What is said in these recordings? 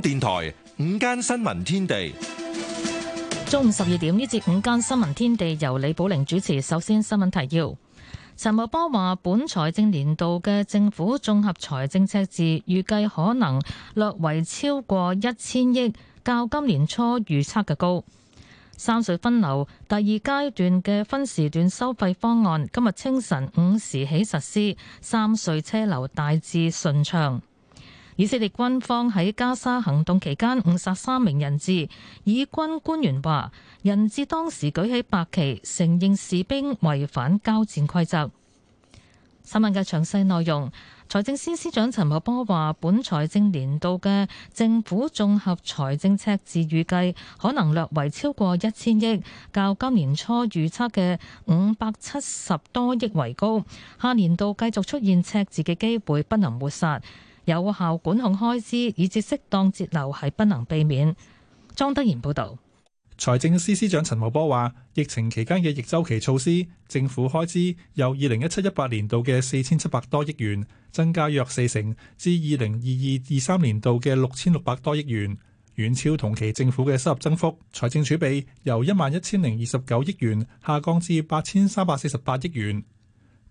電台午間新聞天地，中午十二點，呢節午間新聞天地由李寶玲主持。首先新聞提要：陳茂波話，本財政年度嘅政府綜合財政赤字預計可能略為超過一千億，較今年初預測嘅高。三隧分流第二階段嘅分時段收費方案今日清晨五時起實施，三隧車流大致順暢。以色列軍方喺加沙行動期間誤殺三名人質。以軍官員話，人質當時舉起白旗，承認士兵違反交戰規則。新聞嘅詳細內容，財政司司長陳茂波話，本財政年度嘅政府綜合財政赤字預計可能略為超過一千億，較今年初預測嘅五百七十多億為高。下年度繼續出現赤字嘅機會不能抹殺。有效管控開支，以至適當節流，係不能避免。莊德賢報導。財政司司長陳茂波話：疫情期間嘅逆周期措施，政府開支由二零一七一八年度嘅四千七百多億元，增加約四成至，至二零二二二三年度嘅六千六百多億元，遠超同期政府嘅收入增幅。財政儲備由一萬一千零二十九億元下降至八千三百四十八億元。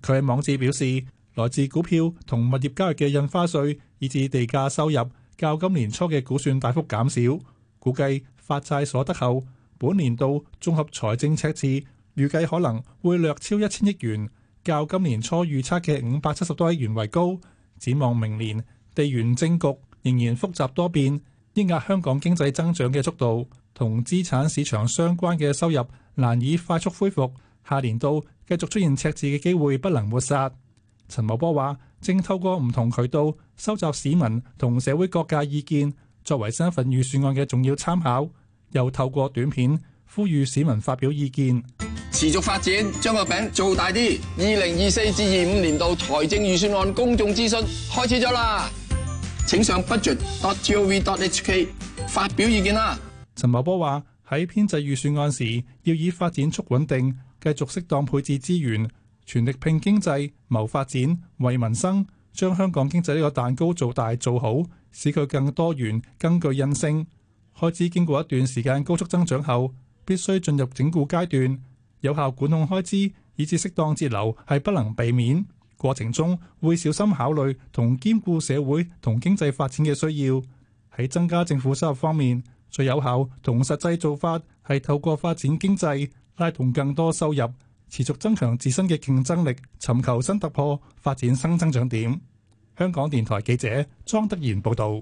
佢喺網誌表示。來自股票同物業交易嘅印花稅，以至地價收入，較今年初嘅估算大幅減少。估計發債所得後，本年度綜合財政赤字預計可能會略超一千億元，較今年初預測嘅五百七十多億元為高。展望明年，地緣政局仍然複雜多變，抑壓香港經濟增長嘅速度，同資產市場相關嘅收入難以快速恢復。下年度繼續出現赤字嘅機會不能抹殺。陳茂波話：正透過唔同渠道收集市民同社會各界意見，作為新一份預算案嘅重要參考。又透過短片呼籲市民發表意見，持續發展，將個餅做大啲。二零二四至二五年度財政預算案公眾諮詢開始咗啦，請上 budget.gov.hk 發表意見啦。陳茂波話：喺編製預算案時，要以發展促穩定，繼續適當配置資源。全力拼經濟、謀發展、為民生，將香港經濟呢個蛋糕做大做好，使佢更多元、更具韌性。開支經過一段時間高速增長後，必須進入整固階段，有效管控開支，以至適當節流係不能避免。過程中會小心考慮同兼顧社會同經濟發展嘅需要。喺增加政府收入方面，最有效同實際做法係透過發展經濟，拉動更多收入。持續增強自身嘅競爭力，尋求新突破，發展新增長點。香港電台記者莊德賢報道。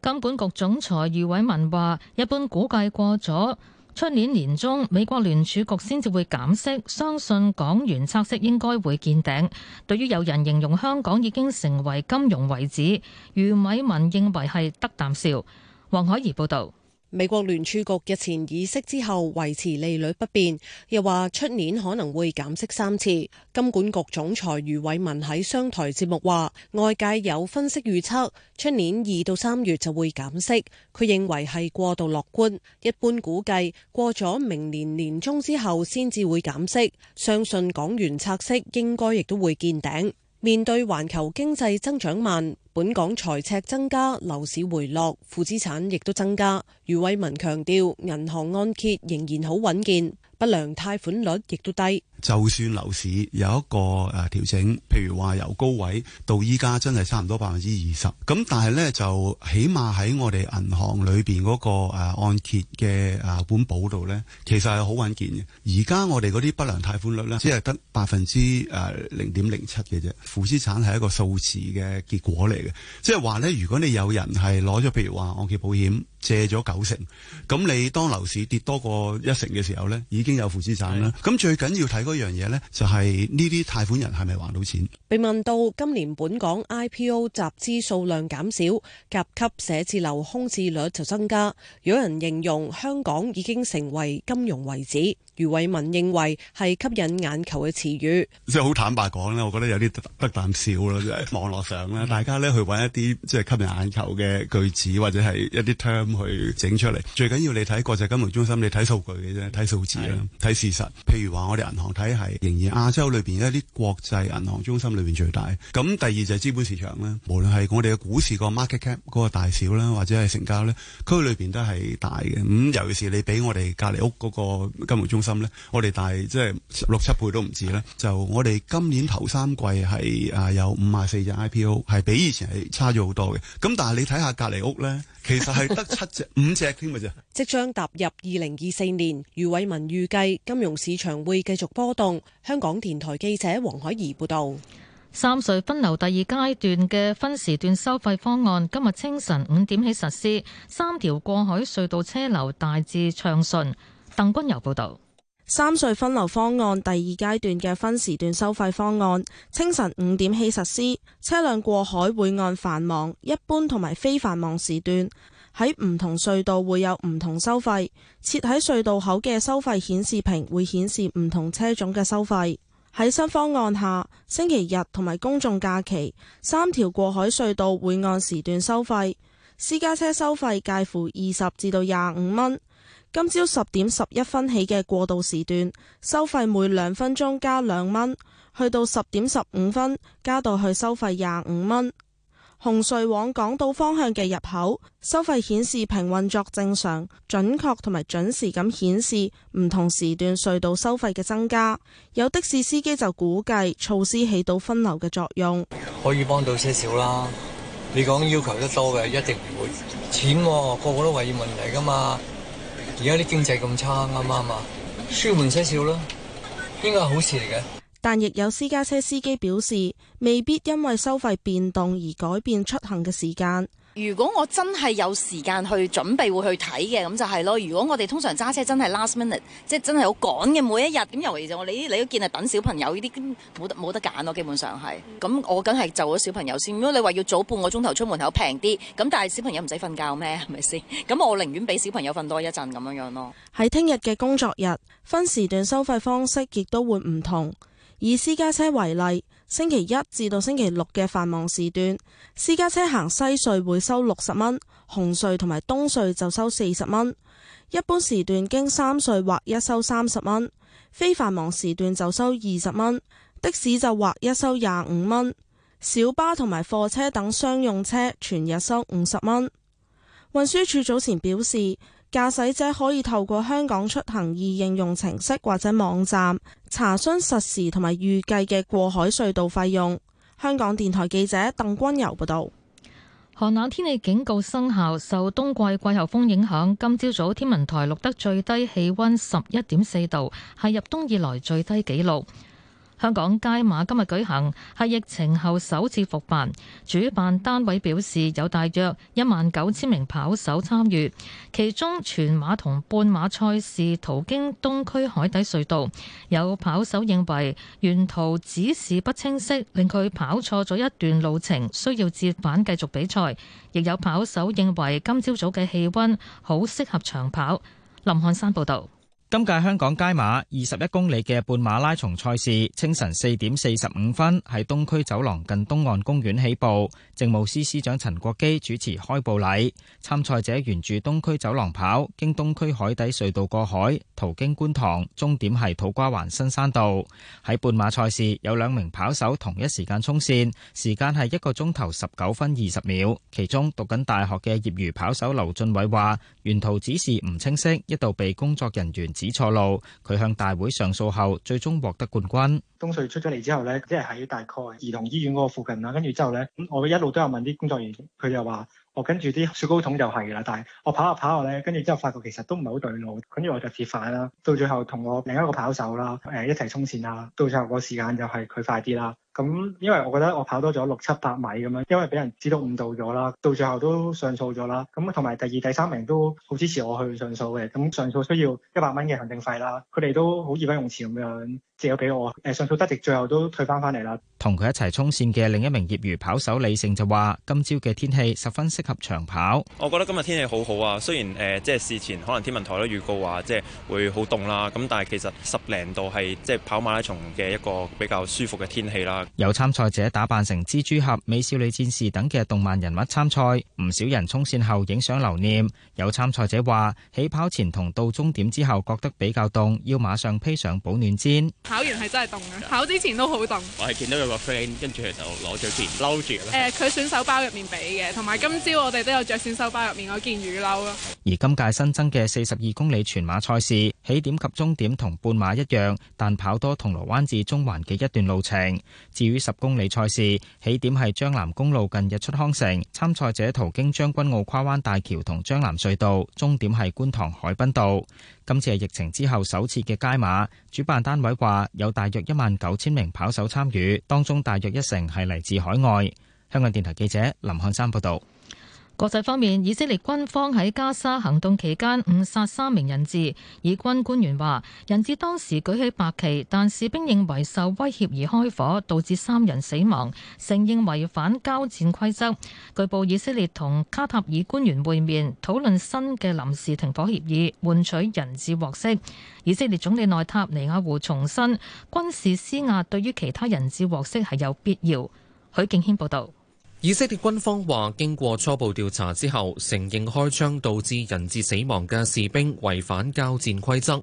金管局總裁余偉文話，一般估計過咗出年年中，美國聯儲局先至會減息，相信港元拆息應該會見頂。對於有人形容香港已經成為金融遺址，余偉文認為係得啖笑。黃海怡報道。美國聯儲局日前議息之後維持利率不變，又話出年可能會減息三次。金管局總裁余偉文喺商台節目話，外界有分析預測出年二到三月就會減息，佢認為係過度樂觀。一般估計過咗明年年中之後先至會減息，相信港元拆息應該亦都會見頂。面對環球經濟增長慢，本港財赤增加，樓市回落，負資產亦都增加。余偉文強調，銀行按揭仍然好穩健。不良貸款率亦都低，就算樓市有一個誒調整，譬如話由高位到依家真係差唔多百分之二十，咁但係咧就起碼喺我哋銀行裏邊嗰個按揭嘅誒本保度咧，其實係好穩健嘅。而家我哋嗰啲不良貸款率咧，只係得百分之誒零點零七嘅啫。負資產係一個數字嘅結果嚟嘅，即係話咧，如果你有人係攞咗譬如話按揭保險。借咗九成，咁你當樓市跌多過一成嘅時候呢，已經有負資產啦。咁是的 最緊要睇嗰樣嘢呢，就係呢啲貸款人係咪還到錢？被問到今年本港 IPO 集資數量減少，甲級寫字樓空置率就增加，有人形容香港已經成為金融遺址。余偉文認為係吸引眼球嘅詞語，即係好坦白講咧，我覺得有啲得啖笑咯，即係網絡上咧，大家咧去揾一啲即係吸引眼球嘅句子或者係一啲 term 去整出嚟。最緊要你睇國際金融中心，你睇數據嘅啫，睇數字啦，睇的事實。譬如話我哋銀行體系仍然亞洲裏邊一啲國際銀行中心裏邊最大。咁第二就係資本市場咧，無論係我哋嘅股市個 market cap 嗰個大小啦，或者係成交咧，區裏邊都係大嘅。咁尤其是你俾我哋隔籬屋嗰個金融中心。咧，我哋大即係六七倍都唔止咧。就我哋今年頭三季係啊有五啊四隻 IPO，係比以前係差咗好多嘅。咁但係你睇下隔離屋咧，其實係得七隻五隻添嘅啫。即將踏入二零二四年，余偉文預計金融市場會繼續波動。香港電台記者黃海怡報道。 三隧分流第二階段嘅分時段收費方案今日清晨五點起實施。三條過海隧道車流大致暢順。鄧君柔報道。三隧分流方案第二階段嘅分時段收費方案，清晨五點起實施。車輛過海會按繁忙、一般同埋非繁忙時段喺唔同隧道會有唔同收費。設喺隧道口嘅收費顯示屏會顯示唔同車種嘅收費。喺新方案下，星期日同埋公眾假期，三條過海隧道會按時段收費。私家車收費介乎二十至到廿五蚊。今朝十點十一分起嘅過渡時段，收費每兩分鐘加兩蚊，去到十點十五分，加到去收費廿五蚊。紅隧往港島方向嘅入口收費顯示屏運作正常，準確同埋準時咁顯示唔同時段隧道收費嘅增加。有的士司機就估計措施起到分流嘅作用，可以幫到些少啦。你講要求得多嘅一定唔會，錢、啊、個個都為業問題㗎嘛，而家啲經濟咁差啱唔啱啊？舒緩些少咯，應該係好事嚟嘅？但亦有私家車司機表示，未必因為收費變動而改變出行嘅時間。如果我真係有時間去準備會去睇嘅，咁就係咯。如果我哋通常揸車真係 last minute，即係真係好趕嘅每一日，咁尤其就我你你都見係，等小朋友呢啲冇得冇得揀咯，基本上係。咁我梗係就咗小朋友先。如果你話要早半個鐘頭出門口平啲，咁但係小朋友唔使瞓覺咩？係咪先？咁我寧願俾小朋友瞓多一陣咁樣樣咯。喺聽日嘅工作日，分時段收費方式亦都會唔同。以私家車為例。星期一至到星期六嘅繁忙時段，私家車行西隧會收六十蚊，紅隧同埋東隧就收四十蚊。一般時段經三隧劃一收三十蚊，非繁忙時段就收二十蚊。的士就劃一收廿五蚊，小巴同埋貨車等商用車全日收五十蚊。運輸署早前表示。駕駛者可以透過香港出行易應用程式或者網站查詢實時同埋預計嘅過海隧道費用。香港電台記者鄧君游報道。寒冷天氣警告生效，受冬季季候風影響，今朝早天文台錄得最低氣温十一點四度，係入冬以來最低紀錄。香港街馬今日舉行，係疫情後首次復辦。主辦單位表示有大約一萬九千名跑手參與，其中全馬同半馬賽事途經東區海底隧道。有跑手認為沿途指示不清晰，令佢跑錯咗一段路程，需要折返繼續比賽。亦有跑手認為今朝早嘅氣温好適合長跑。林漢山報導。今屆香港街馬二十一公里嘅半馬拉松賽事，清晨四點四十五分喺東區走廊近東岸公園起步，政務司司長陳國基主持開步禮，參賽者沿住東區走廊跑，經東區海底隧道過海。途經觀塘，終點係土瓜灣新山道。喺半馬賽事，有兩名跑手同一時間衝線，時間係一個鐘頭我跟住啲雪糕筒就係啦，但係我跑下跑下咧，跟住之後發覺其實都唔係好對路，跟住我就折返啦。到最後同我另一個跑手啦，誒、呃、一齊衝線啦。到最後個時間就係佢快啲啦。咁因為我覺得我跑多咗六七百米咁樣，因為俾人知道誤導咗啦，到最後都上訴咗啦。咁同埋第二、第三名都好支持我去上訴嘅。咁上訴需要一百蚊嘅行政費啦，佢哋都好義不容辭咁樣借咗俾我。誒，上訴得直，最後都退翻翻嚟啦。同佢一齊衝線嘅另一名業餘跑手李勝就話今朝嘅天氣十分適合長跑。我覺得今日天氣好好啊，雖然誒、呃、即係事前可能天文台都預告話即係會好凍啦，咁但係其實十零度係即係跑馬拉松嘅一個比較舒服嘅天氣啦。有參賽者打扮成蜘蛛俠、美少女戰士等嘅動漫人物參賽，唔少人衝線後影相留念。有參賽者話：起跑前同到終點之後覺得比較凍，要馬上披上保暖氈。跑完係真係凍啊！跑之前都好凍。我係見到有個 friend 跟住佢就攞咗件褸住嘅。佢、呃、選手包入面俾嘅，同埋今朝我哋都有着選手包入面嗰件雨褸咯。而今屆新增嘅四十二公里全馬賽事，起點及終點同半馬一樣，但跑多銅鑼灣至中環嘅一段路程。至於十公里賽事，起點係將藍公路近日出康城，參賽者途經將軍澳跨灣大橋同將藍隧道，終點係觀塘海濱道。今次係疫情之後首次嘅街馬，主辦單位話有大約一萬九千名跑手參與，當中大約一成係嚟自海外。香港電台記者林漢山報道。國際方面，以色列軍方喺加沙行動期間誤殺三名人質，以軍官員話，人質當時舉起白旗，但士兵認為受威脅而開火，導致三人死亡，承認違反交戰規則。據報以色列同卡塔爾官員會面，討論新嘅臨時停火協議，換取人質獲釋。以色列總理內塔尼亞胡重申，軍事施壓對於其他人質獲釋係有必要。許敬軒報道。以色列軍方話，經過初步調查之後，承認開槍導致人質死亡嘅士兵違反交戰規則。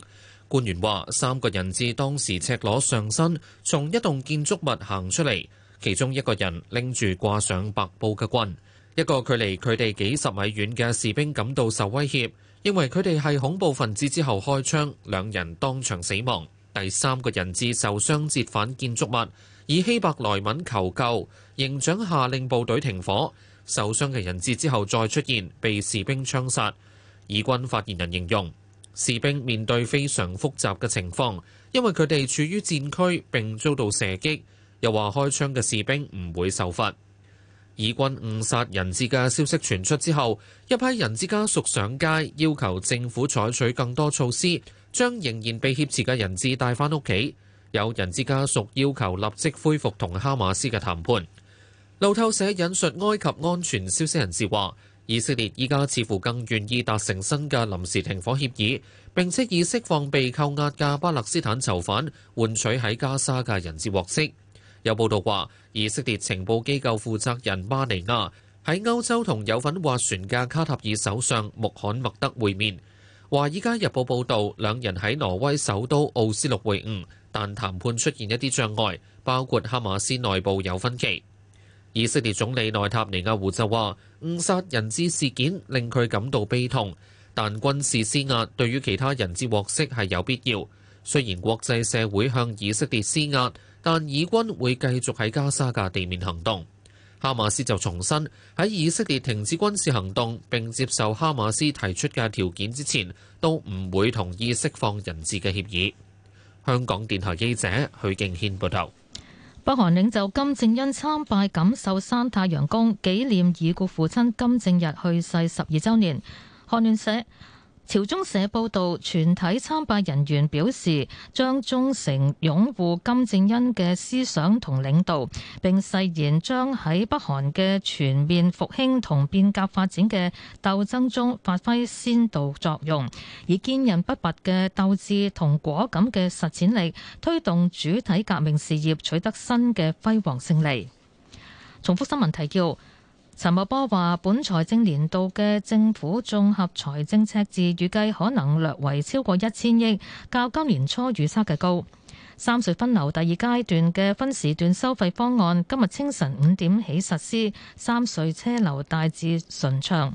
官員話，三個人質當時赤裸上身，從一棟建築物行出嚟，其中一個人拎住掛上白布嘅棍。一個距離佢哋幾十米遠嘅士兵感到受威脅，認為佢哋係恐怖分子，之後開槍，兩人當場死亡。第三個人質受傷，折返建築物。以希伯來文求救，營長下令部隊停火。受傷嘅人質之後再出現，被士兵槍殺。以軍發言人形容，士兵面對非常複雜嘅情況，因為佢哋處於戰區並遭到射擊。又話開槍嘅士兵唔會受罰。以軍誤殺人質嘅消息傳出之後，一批人質家屬上街要求政府採取更多措施，將仍然被挾持嘅人質帶返屋企。有人質家屬要求立即恢復同哈馬斯嘅談判。路透社引述埃及安全消息人士話，以色列依家似乎更願意達成新嘅臨時停火協議，並且以釋放被扣押嘅巴勒斯坦囚犯換取喺加沙嘅人質獲釋。有報道話，以色列情報機構負責人巴尼亞喺歐洲同有份斡旋嘅卡塔爾首相穆罕默德會面。《華爾街日報》報道，兩人喺挪威首都奧斯陸會晤。但談判出現一啲障礙，包括哈馬斯內部有分歧。以色列總理內塔尼亞胡就話，誤殺人質事件令佢感到悲痛，但軍事施壓對於其他人質獲釋係有必要。雖然國際社會向以色列施壓，但以軍會繼續喺加沙嘅地面行動。哈馬斯就重申，喺以色列停止軍事行動並接受哈馬斯提出嘅條件之前，都唔會同意釋放人質嘅協議。香港電台記者許敬軒報道：北韓領袖金正恩參拜錦繡山太陽宮，紀念已故父親金正日去世十二周年。韓聯社。朝中社報道，全體參拜人員表示將忠誠擁護金正恩嘅思想同領導，並誓言將喺北韓嘅全面復興同變革發展嘅鬥爭中發揮先導作用，以堅忍不拔嘅鬥志同果敢嘅實踐力推動主體革命事業取得新嘅輝煌勝利。重複新聞提要。陳茂波話：本財政年度嘅政府綜合財政赤字預計可能略為超過一千億，較今年初預測嘅高。三隧分流第二階段嘅分時段收費方案今日清晨五點起實施，三隧車流大致順暢。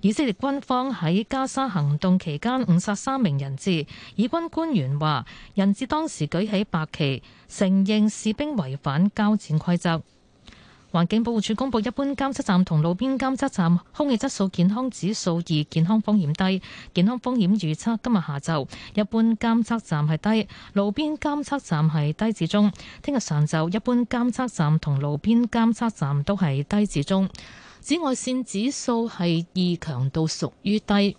以色列軍方喺加沙行動期間誤殺三名人質，以軍官員話人質當時舉起白旗，承認士兵違反交戰規則。環境保護署公布，一般監測站同路邊監測站空氣質素健康指數二，健康風險低。健康風險預測今日下晝，一般監測站係低，路邊監測站係低至中。聽日上晝，一般監測站同路邊監測站都係低至中。紫外線指數係二，強度屬於低。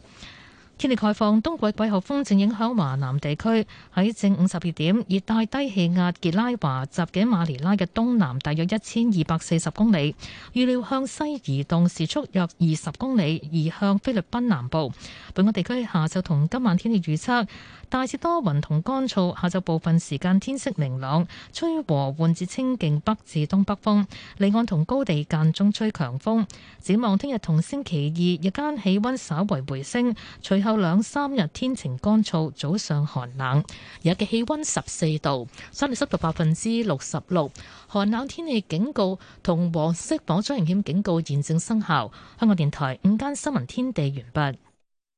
天氣概況，冬季季候風正影響華南地區，喺正午十二點，熱帶低氣壓傑拉華集結馬尼拉嘅東南，大約一千二百四十公里。預料向西移動，時速約二十公里，移向菲律賓南部。本港地區下晝同今晚天氣預測：大致多雲同乾燥，下晝部分時間天色明朗，吹和緩至清勁北至東北風。離岸同高地間中吹強風。展望聽日同星期二日間氣溫稍為回升，吹。後兩三日天晴乾燥，早上寒冷，而家嘅氣溫十四度，相對濕度百分之六十六。寒冷天氣警告同黃色火災危險警告現正生效。香港電台午間新聞天地完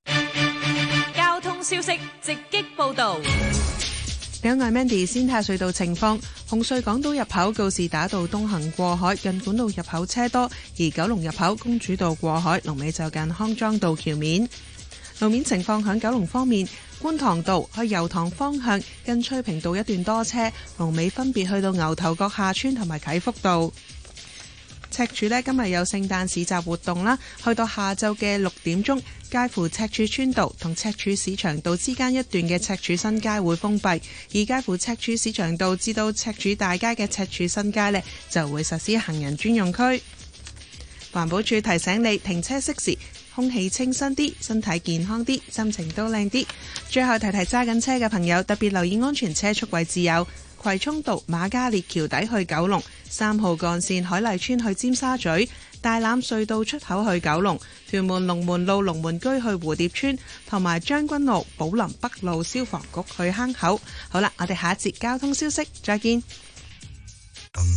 畢。交通消息直擊報道。有外 Mandy 先睇下隧道情況，紅隧港島入口告士打道東行過海近管道入口車多，而九龍入口公主道過海龍尾就近康莊道橋面。路面情況響九龍方面，觀塘道去油塘方向跟翠屏道一段多車，龍尾分別去到牛頭角下村同埋啟福道。赤柱呢今日有聖誕市集活動啦，去到下晝嘅六點鐘，介乎赤柱村道同赤柱市場道之間一段嘅赤柱新街會封閉，而介乎赤柱市場道至到赤柱大街嘅赤柱新街呢就會實施行人專用區。環保署提醒你停車熄匙。空氣清新啲，身體健康啲，心情都靚啲。最後提提揸緊車嘅朋友，特別留意安全車出位自由葵涌道瑪嘉烈橋底去九龍三號幹線海麗村去尖沙咀大欖隧道出口去九龍屯門龍門路龍門居去蝴蝶村同埋將軍澳寶林北路消防局去坑口。好啦，我哋下一節交通消息再見。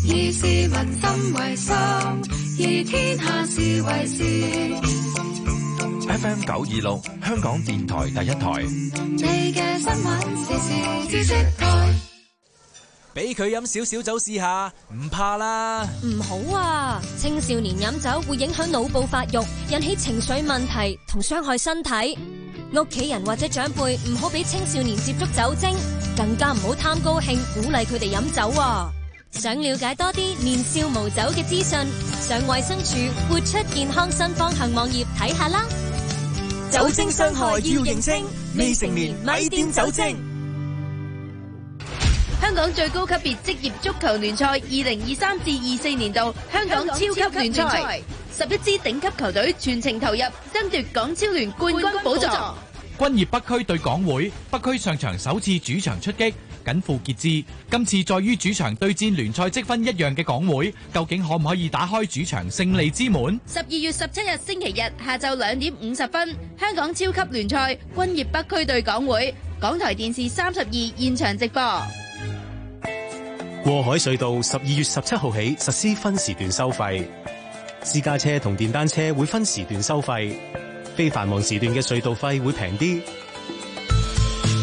以市民心為心，以天下事為事。F M 九二六香港電台第一台，俾佢飲少少酒試下，唔怕啦。唔好啊，青少年飲酒會影響腦部發育，引起情緒問題同傷害身體。屋企人或者長輩唔好俾青少年接觸酒精，更加唔好貪高興鼓勵佢哋飲酒啊。想了解多啲年少無酒嘅資訊，上衛生署活出健康新方向網頁睇下啦。看看酒精傷害要認清，未成年咪掂酒精。香港最高級別職業足球聯賽2023至24年度香港超級聯賽，十一支頂級球隊全程投入，爭奪港超聯冠軍寶座。軍業北區對港會，北區上場首次主場出擊。趕赴傑志今次在於主場對戰聯賽積分一樣嘅港會，究竟可唔可以打開主場勝利之門？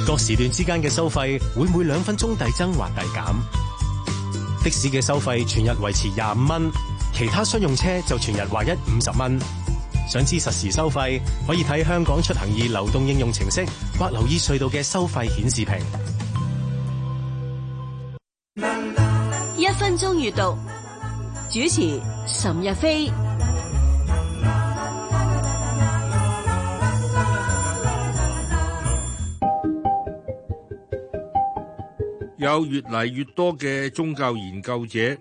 各時段之間嘅收費會每兩分鐘遞增或遞減。的士嘅收費全日維持廿五蚊，其他商用車就全日劃一五十蚊。想知實時收費，可以睇香港出行易流動應用程式，或留意隧道嘅收費顯示屏。一分鐘閱讀，主持岑日飛。有越嚟越多嘅宗教研究者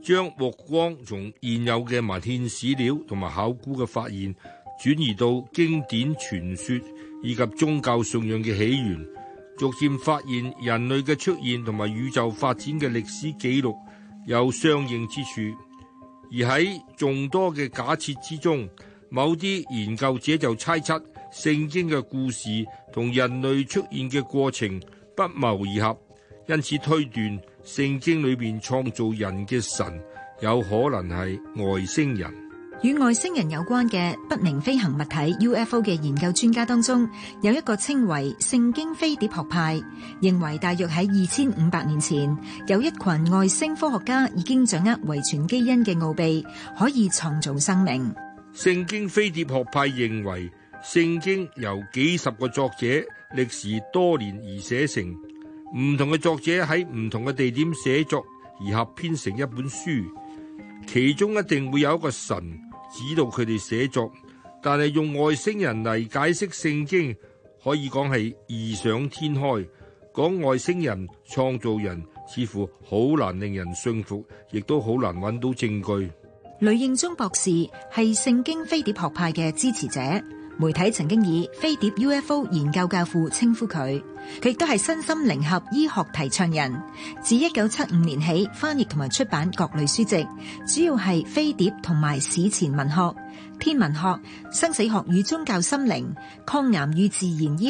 將目光從現有嘅文獻史料同埋考古嘅發現轉移到經典傳說以及宗教信仰嘅起源，逐漸發現人類嘅出現同埋宇宙發展嘅歷史記錄有相應之處。而喺眾多嘅假設之中，某啲研究者就猜測聖經嘅故事同人類出現嘅過程不謀而合。因此推斷聖經裏邊創造人嘅神有可能係外星人。與外星人有關嘅不明飛行物體 UFO 嘅研究專家當中，有一個稱為聖經飛碟學派，認為大約喺二千五百年前，有一群外星科學家已經掌握遺傳基因嘅奧秘，可以創造生命。聖經飛碟學派認為，聖經由幾十個作者歷時多年而寫成。唔同嘅作者喺唔同嘅地點寫作而合編成一本書，其中一定會有一個神指導佢哋寫作。但係用外星人嚟解釋聖經，可以講係異想天開。講外星人創造人，似乎好難令人信服，亦都好難揾到證據。呂應中博士係聖經飛碟學派嘅支持者。媒體曾經以飛碟 UFO 研究教父稱呼佢，佢亦都係身心靈合醫學提倡人。自一九七五年起，翻譯同埋出版各類書籍，主要係飛碟同埋史前文學，天文學，生死學與宗教心靈，抗癌與自然醫。